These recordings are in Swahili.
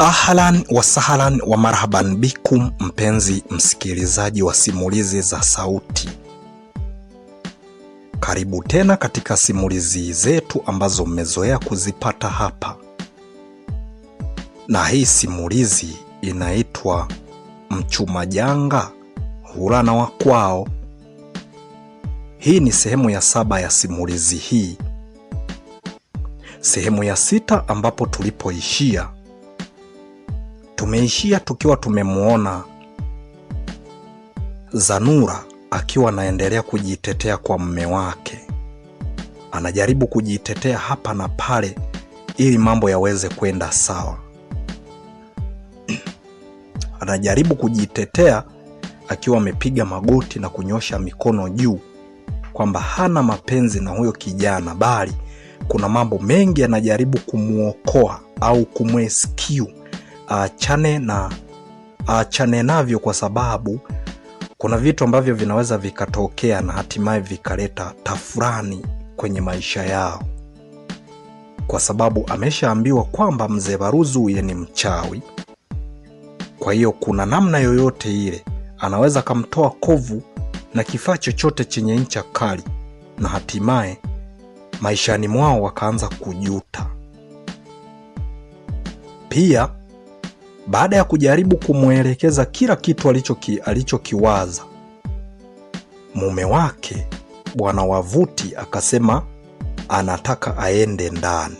Ahlan wasahlan wa marhaban bikum, mpenzi msikilizaji wa simulizi za sauti, karibu tena katika simulizi zetu ambazo mmezoea kuzipata hapa, na hii simulizi inaitwa Mchuma Janga Hula na Wakwao. Hii ni sehemu ya saba ya simulizi hii, sehemu ya sita ambapo tulipoishia Tumeishia tukiwa tumemwona Zanura akiwa anaendelea kujitetea kwa mme wake, anajaribu kujitetea hapa na pale ili mambo yaweze kwenda sawa. Anajaribu kujitetea akiwa amepiga magoti na kunyosha mikono juu kwamba hana mapenzi na huyo kijana, bali kuna mambo mengi anajaribu kumwokoa au kumrescue aachane na aachane navyo, kwa sababu kuna vitu ambavyo vinaweza vikatokea na hatimaye vikaleta tafurani kwenye maisha yao, kwa sababu ameshaambiwa kwamba mzee huye ni mchawi. Kwa hiyo kuna namna yoyote ile anaweza akamtoa kovu na kifaa chochote chenye ncha kali, na hatimaye maishani mwao wakaanza kujuta pia baada ya kujaribu kumwelekeza kila kitu alichokiwaza alichokiwaza mume wake bwana Wavuti akasema anataka aende ndani.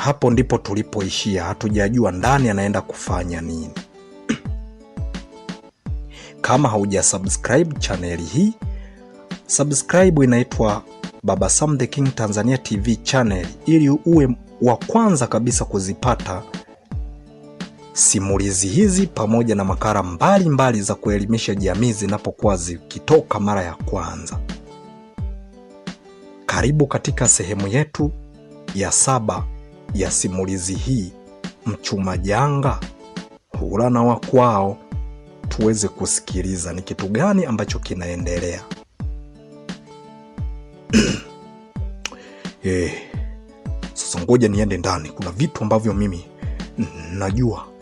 Hapo ndipo tulipoishia, hatujajua ndani anaenda kufanya nini. Kama haujasubscribe chaneli hii, subscribe, inaitwa Baba Sam The King Tanzania TV channel, ili uwe wa kwanza kabisa kuzipata Simulizi hizi pamoja na makala mbalimbali mbali za kuelimisha jamii zinapokuwa zikitoka mara ya kwanza. Karibu katika sehemu yetu ya saba ya simulizi hii, mchuma janga hula na wakwao, tuweze kusikiliza ni kitu gani ambacho kinaendelea. Eh, sasa ngoja niende ndani, kuna vitu ambavyo mimi najua